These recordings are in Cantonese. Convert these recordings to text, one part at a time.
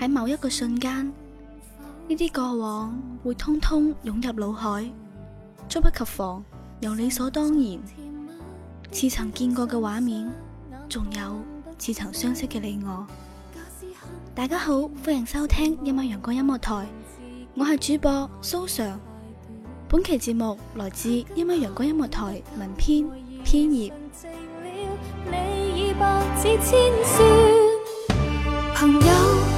喺某一個瞬間，呢啲過往會通通湧入腦海，猝不及防，由理所當然、似曾見過嘅畫面，仲有似曾相識嘅你我。大家好，歡迎收聽一米陽光音樂台，我係主播蘇常。本期節目來自一米陽光音樂台文篇篇頁。朋友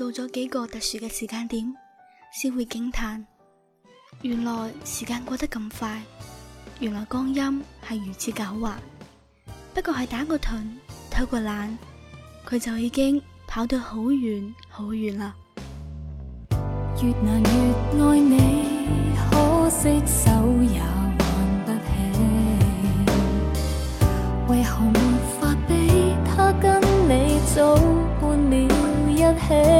到咗幾個特殊嘅時間點，先會驚歎，原來時間過得咁快，原來光陰係如此狡猾。不過係打個盹，偷個懶，佢就已經跑到好遠好遠啦。越難越愛你，可惜手也挽不起。為何無法比他跟你早半年一起？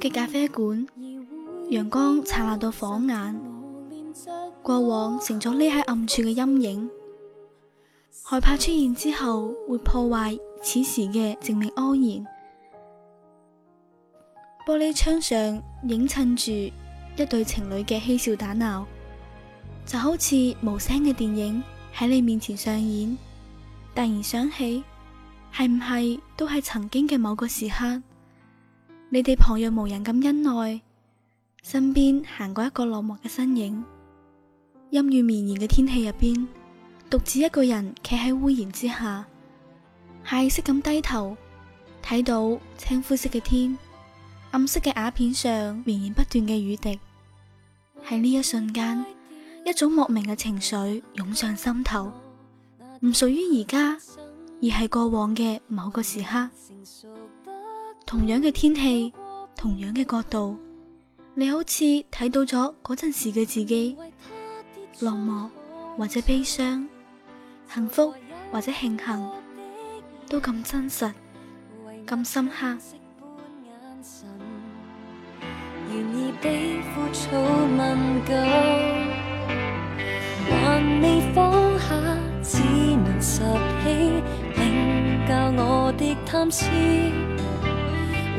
嘅咖啡館，陽光燦爛到晃眼，過往成咗匿喺暗處嘅陰影，害怕出現之後會破壞此時嘅靜謐安然。玻璃窗上映襯住一對情侶嘅嬉笑打鬧，就好似無聲嘅電影喺你面前上演。突然想起，係唔係都係曾經嘅某個時刻？你哋旁若無人咁恩愛，身邊行過一個落寞嘅身影，陰雨綿延嘅天氣入邊，獨自一個人企喺屋檐之下，下意識咁低頭，睇到青灰色嘅天，暗色嘅瓦片上綿延不斷嘅雨滴，喺呢一瞬間，一種莫名嘅情緒湧上心頭，唔屬於而家，而係過往嘅某個時刻。同樣嘅天氣，同樣嘅角度，你好似睇到咗嗰陣時嘅自己，落寞或者悲傷，幸福或者慶幸，都咁真實，咁深刻。願意被苦楚問候，還未放下，只能拾起，領教我的貪痴。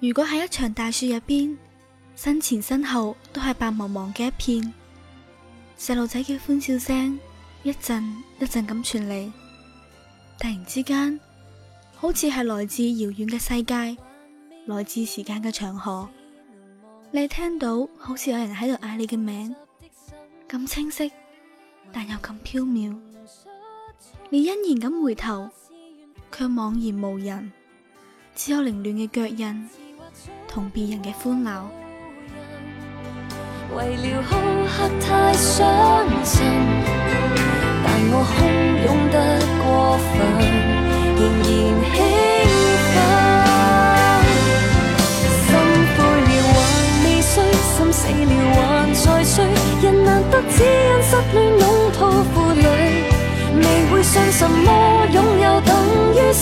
如果喺一場大雪入邊，身前身後都係白茫茫嘅一片，細路仔嘅歡笑聲一陣一陣咁傳嚟，突然之間，好似係來自遙遠嘅世界，來自時間嘅長河，你聽到好似有人喺度嗌你嘅名，咁清晰，但又咁飄渺。你欣然咁回頭，卻惘然無人，只有凌亂嘅腳印同別人嘅歡鬧。為了好客太傷心，但我洶湧得過分。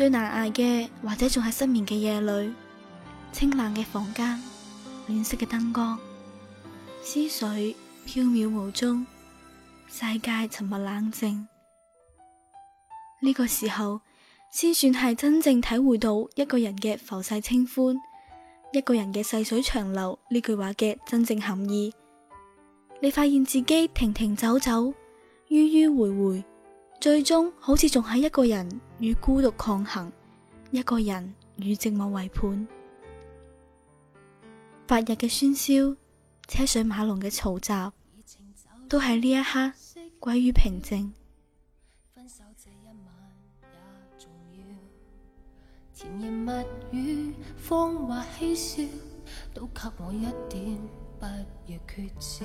最難挨嘅，或者仲係失眠嘅夜裏，清冷嘅房間，暖色嘅燈光，思緒飄渺無蹤，世界沉默冷靜。呢個時候，先算係真正體會到一個人嘅浮世清歡，一個人嘅細水長流呢句話嘅真正含義。你發現自己停停走走，迂迂回回。最終好似仲係一個人與孤獨抗衡，一個人與寂寞為伴。白日嘅喧囂，車水馬龍嘅嘈雜，都喺呢一刻歸於平靜。分手這一晚也重要。甜言蜜語，謊話嬉笑，都給我一點，不要缺少。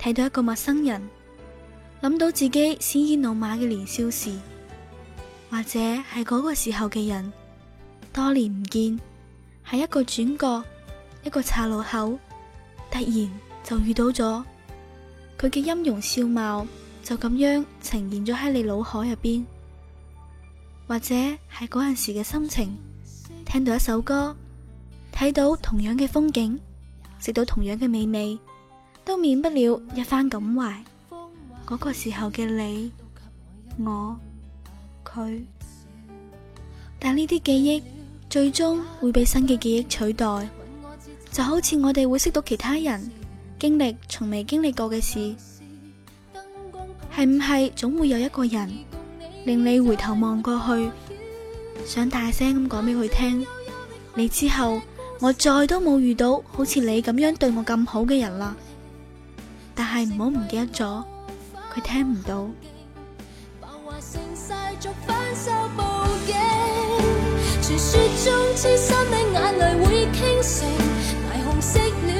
睇到一個陌生人，諗到自己鮮衣怒馬嘅年少時，或者係嗰個時候嘅人，多年唔見，喺一個轉角、一個岔路口，突然就遇到咗佢嘅音容笑貌，就咁樣呈現咗喺你腦海入邊。或者係嗰陣時嘅心情，聽到一首歌，睇到同樣嘅風景，食到同樣嘅美味。都免不了一番感懷。嗰個時候嘅你、我、佢，但呢啲記憶最終會被新嘅記憶取代，就好似我哋會識到其他人，經歷從未經歷過嘅事。係唔係？總會有一個人令你回頭望過去，想大聲咁講俾佢聽。你之後，我再都冇遇到好似你咁樣對我咁好嘅人啦。但係唔好唔記得咗，佢聽唔到。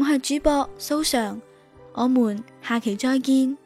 我係主播蘇常，我們下期再見。